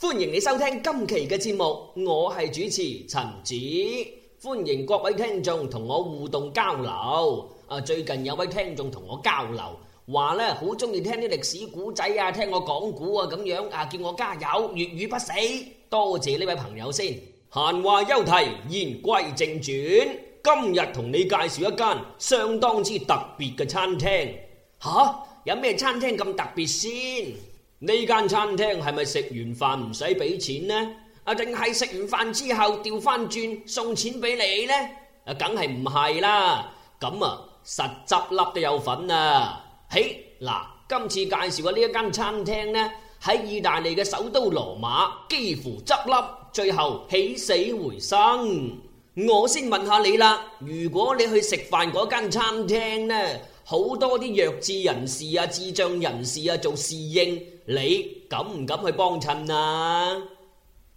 歡迎你收聽今期嘅節目，我係主持，陳子。歡迎各位聽眾同我互動交流。最近有位聽眾同我交流，話咧，好中意聽啲歷史古仔啊,聽我講古啊,咁樣啊，叫我加油,粵語，不死。多謝呢位朋友先。閒話，休提,言歸正傳。今日同你介紹一間相當之特別嘅餐廳。吓？有咩餐廳咁特別先？呢間餐廳係咪食完飯唔使俾錢呢？啊，定係食完飯之後掉翻轉，轉送錢俾你呢？啊，梗係唔係啦。咁啊，實執笠都有份啊。嘿，嗱，今次介紹嘅呢一間餐廳呢，喺意大利嘅首都羅馬，幾乎執笠，最後起死回生。我先問下你啦，如果你去食飯嗰間餐廳呢？好多啲弱智人士啊，智障人士啊，做侍應，你敢唔敢去幫襯啊？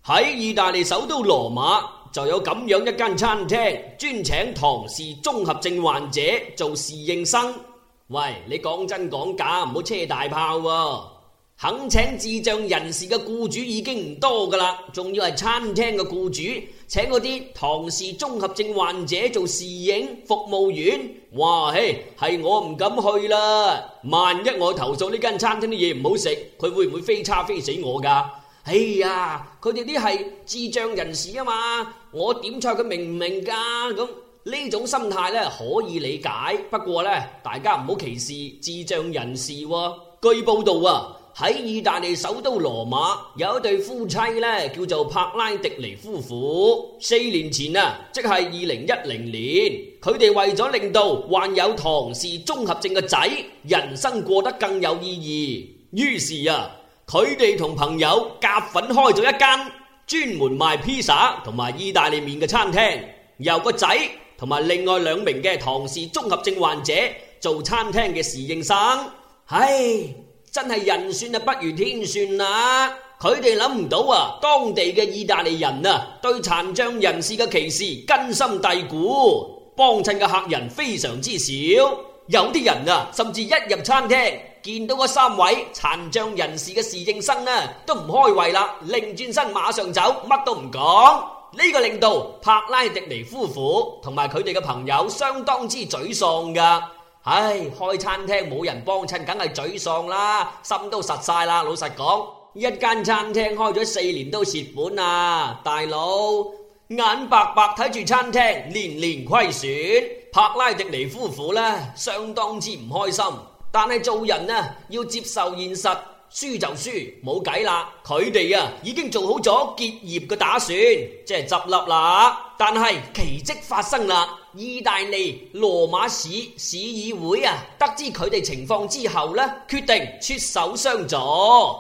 喺意大利首都羅馬就有咁樣一間餐廳，專請唐氏綜合症患者做侍應生。喂，你講真講假，唔好車大炮喎！肯請智障人士嘅雇主已經唔多噶啦，仲要係餐廳嘅雇主，請嗰啲唐氏綜合症患者做侍應服務員。哇嘿，係我唔敢去啦！萬一我投訴呢間餐廳啲嘢唔好食，佢會唔會飛叉飛死我噶？哎呀、啊，佢哋啲係智障人士啊嘛，我點菜佢明唔明噶？咁呢種心態咧可以理解，不過咧大家唔好歧視智障人士。據報道啊。喺意大利首都羅馬，有一對夫妻呢，叫做帕拉迪尼夫婦。四年前啊，即係二零一零年，佢哋為咗令到患有唐氏綜合症嘅仔人生過得更有意義，於是啊，佢哋同朋友夾粉開咗一間專門賣披薩同埋意大利麵嘅餐廳，由個仔同埋另外兩名嘅唐氏綜合症患者做餐廳嘅侍應生。唉。真係人算啊，不如天算啊。佢哋諗唔到啊，當地嘅意大利人啊，對殘障人士嘅歧視根深蒂固，幫襯嘅客人非常之少。有啲人啊，甚至一入餐廳見到嗰三位殘障人士嘅侍應生啊，都唔開胃啦，擰轉身馬上走，乜都唔講。呢、這個令到帕拉迪尼夫婦同埋佢哋嘅朋友相當之沮喪噶。唉，開餐廳冇人幫襯，梗係沮喪啦，心都實晒啦。老實講，一間餐廳開咗四年都蝕本啊，大佬眼白白睇住餐廳年年虧損，帕拉迪尼夫婦呢，相當之唔開心。但係做人啊要接受現實，輸就輸，冇計啦。佢哋啊已經做好咗結業嘅打算，即係執笠啦。但係奇蹟發生啦！意大利羅馬市市議會啊，得知佢哋情況之後呢，決定出手相助，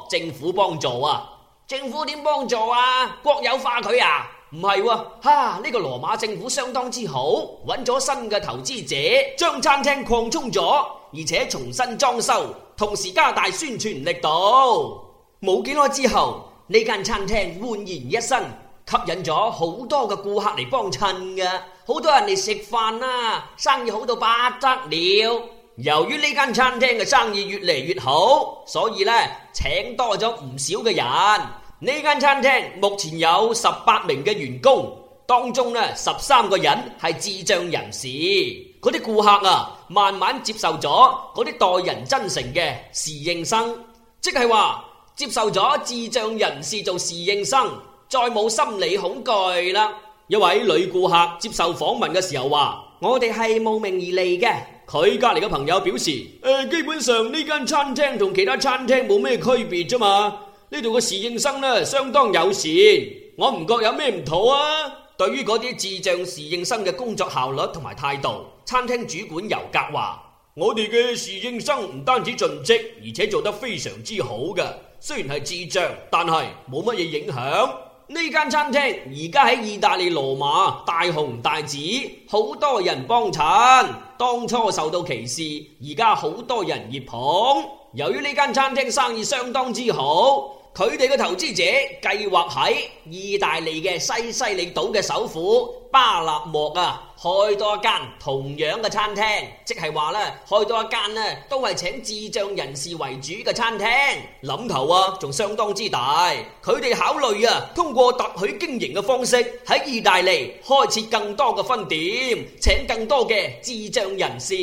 政府幫助啊！政府點幫助啊？國有化佢啊？唔係喎，哈、啊！呢、這個羅馬政府相當之好，揾咗新嘅投資者，將餐廳擴充咗，而且重新裝修，同時加大宣傳力度。冇幾耐之後，呢間餐廳煥然一新，吸引咗好多嘅顧客嚟幫襯㗎。好多人嚟食飯啦、啊，生意好到不得了。由於呢間餐廳嘅生意越嚟越好，所以呢請多咗唔少嘅人。呢間餐廳目前有十八名嘅員工，當中呢十三個人係智障人士。嗰啲顧客啊，慢慢接受咗嗰啲待人真誠嘅侍應生，即係話接受咗智障人士做侍應生，再冇心理恐懼啦。一位女顧客接受訪問嘅時候話：我哋係慕名而嚟嘅。佢隔籬嘅朋友表示：誒、呃，基本上呢間餐廳同其他餐廳冇咩區別啫嘛。呢度嘅侍應生呢，相當友善，我唔覺有咩唔妥啊。對於嗰啲智障侍應生嘅工作效率同埋態度，餐廳主管尤格話：我哋嘅侍應生唔單止盡職，而且做得非常之好㗎。雖然係智障，但係冇乜嘢影響。呢間餐廳而家喺意大利羅馬大紅大紫，好多人幫襯。當初受到歧視，而家好多人熱捧。由於呢間餐廳生意相當之好。佢哋嘅投資者計劃喺意大利嘅西西里島嘅首府巴勒莫啊，開多間同樣嘅餐廳，即係話咧開多一間咧，都係請智障人士為主嘅餐廳。諗頭啊，仲相當之大。佢哋考慮啊，通過特許經營嘅方式喺意大利開設更多嘅分店，請更多嘅智障人士。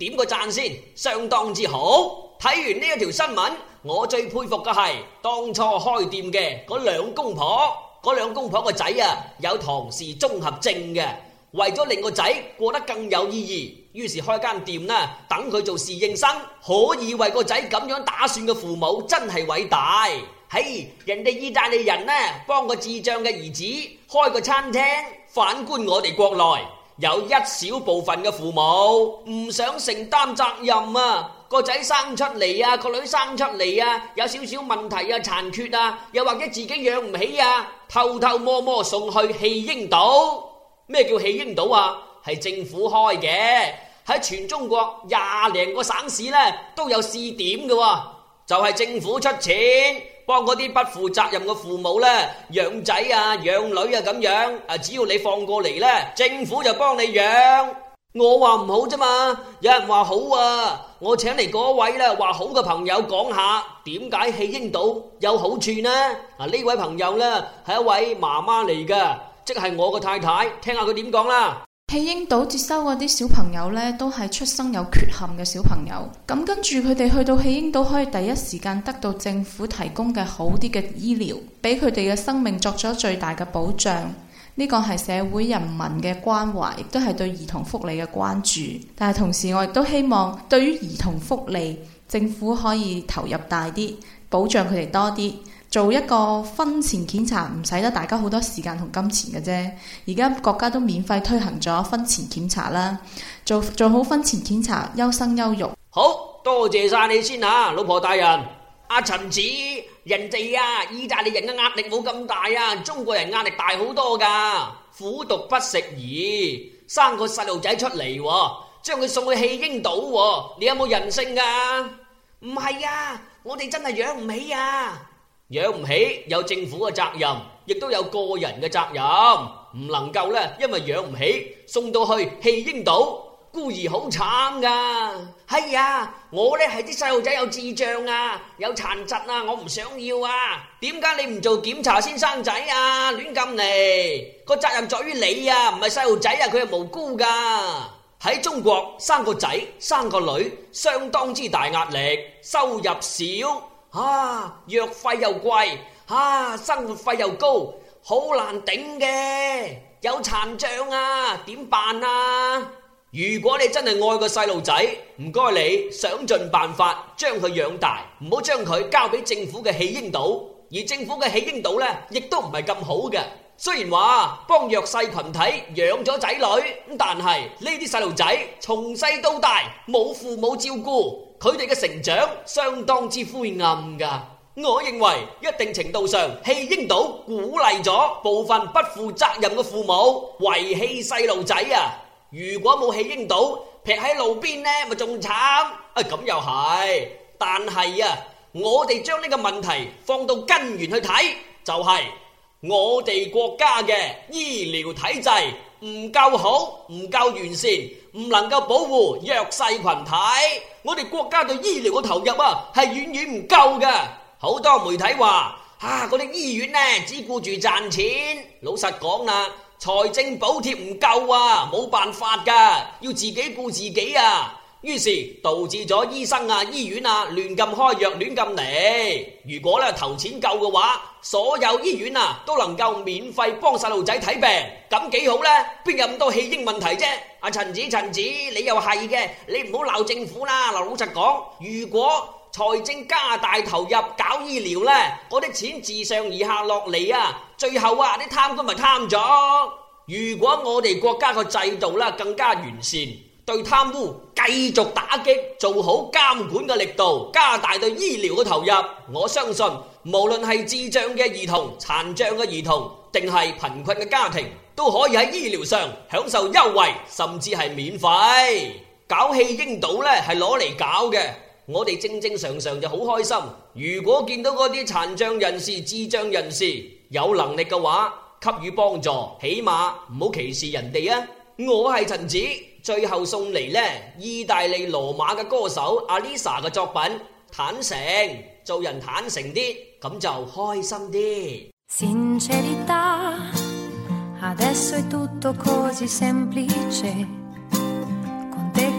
點個讚先，相當之好。睇完呢一條新聞，我最佩服嘅係當初開店嘅嗰兩公婆。嗰兩公婆個仔啊，有唐氏綜合症嘅，為咗令個仔過得更有意義，於是開間店啦，等佢做侍應生，可以為個仔咁樣打算嘅父母真係偉大。嘿，人哋意大利人呢、啊，幫個智障嘅兒子開個餐廳。反觀我哋國內，有一小部分嘅父母唔想承擔責任啊！個仔生出嚟啊，個女生出嚟啊，有少少問題啊，殘缺啊，又或者自己養唔起啊，偷偷摸摸送去棄嬰島。咩叫棄嬰島啊？係政府開嘅，喺全中國廿零個省市呢都有試點嘅啊，就係、是、政府出錢幫嗰啲不負責任嘅父母呢，養仔啊、養女啊咁樣。啊，只要你放過嚟呢，政府就幫你養。我話唔好啫嘛，有人話好啊，我請嚟嗰位啦，話好嘅朋友講下點解棄嬰島有好處呢？啊，呢位朋友呢係一位媽媽嚟噶，即係我個太太，聽下佢點講啦。棄嬰島接收嗰啲小朋友呢都係出生有缺陷嘅小朋友，咁跟住佢哋去到棄嬰島，可以第一時間得到政府提供嘅好啲嘅醫療，俾佢哋嘅生命作咗最大嘅保障。呢個係社會人民嘅關懷，亦都係對兒童福利嘅關注。但係同時，我亦都希望對於兒童福利，政府可以投入大啲，保障佢哋多啲。做一個婚前檢查唔使得大家好多時間同金錢嘅啫。而家國家都免費推行咗婚前檢查啦，做做好婚前檢查，優生優育。好多謝晒你先嚇啊，老婆大人，阿陳子。人哋啊，意大利人嘅壓力冇咁大啊，中國人壓力大好多噶，虎毒不食兒，生個細路仔出嚟，將佢送去棄嬰島，你有冇人性噶？唔係啊，我哋真係養唔起啊，養唔起有政府嘅責任，亦都有個人嘅責任，唔能夠咧，因為養唔起送到去棄嬰島。孤兒好慘噶，係啊！我呢係啲細路仔有智障啊，有殘疾啊，我唔想要啊！點解你唔做檢查先生仔啊？亂咁嚟，個責任在於你啊！唔係細路仔啊，佢係無辜噶。喺中國生個仔生個女相當之大壓力，收入少啊，藥費又貴啊，生活費又高，好難頂嘅。有殘障啊，點辦啊？如果你真係愛個細路仔，唔該，你想盡辦法將佢養大，唔好將佢交俾政府嘅棄嬰島。而政府嘅棄嬰島呢，亦都唔係咁好嘅。雖然話幫弱勢群體養咗仔女，但係呢啲細路仔從細到大冇父母照顧，佢哋嘅成長相當之灰暗㗎。我認為一定程度上棄嬰島鼓勵咗部分不負責任嘅父母遺棄細路仔啊！如果冇起嬰島，擗喺路邊咧，咪仲慘啊！咁又係，但係啊，我哋將呢個問題放到根源去睇，就係我哋國家嘅醫療體制唔夠好，唔夠完善，唔能夠保護弱勢羣體。我哋國家對醫療嘅投入啊，係遠遠唔夠嘅。好多媒體話啊，啲醫院咧只顧住賺錢。老實講啦。財政補貼唔夠啊，冇辦法㗎，要自己顧自己啊。於是導致咗醫生啊、醫院啊亂咁開藥、亂咁嚟。如果呢投錢夠嘅話，所有醫院啊都能夠免費幫細路仔睇病，咁幾好呢？邊有咁多棄嬰問題啫？阿、啊、陳子陳子，你又係嘅，你唔好鬧政府啦，嗱，老實講，如果。財政加大投入搞醫療呢，我啲錢自上而下落嚟啊，最後啊啲貪官咪貪咗。如果我哋國家個制度咧更加完善，對貪污繼續打擊，做好監管嘅力度，加大對醫療嘅投入，我相信無論係智障嘅兒童、殘障嘅兒童，定係貧困嘅家庭，都可以喺醫療上享受優惠，甚至係免費。搞棄嬰島呢，係攞嚟搞嘅。我哋正正常常就好開心。如果見到嗰啲殘障人士、智障人士有能力嘅話，給予幫助，起碼唔好歧視人哋啊！我係陳子，最後送嚟咧，意大利羅馬嘅歌手阿 Lisa 嘅作品《坦誠》，做人坦誠啲，咁就開心啲。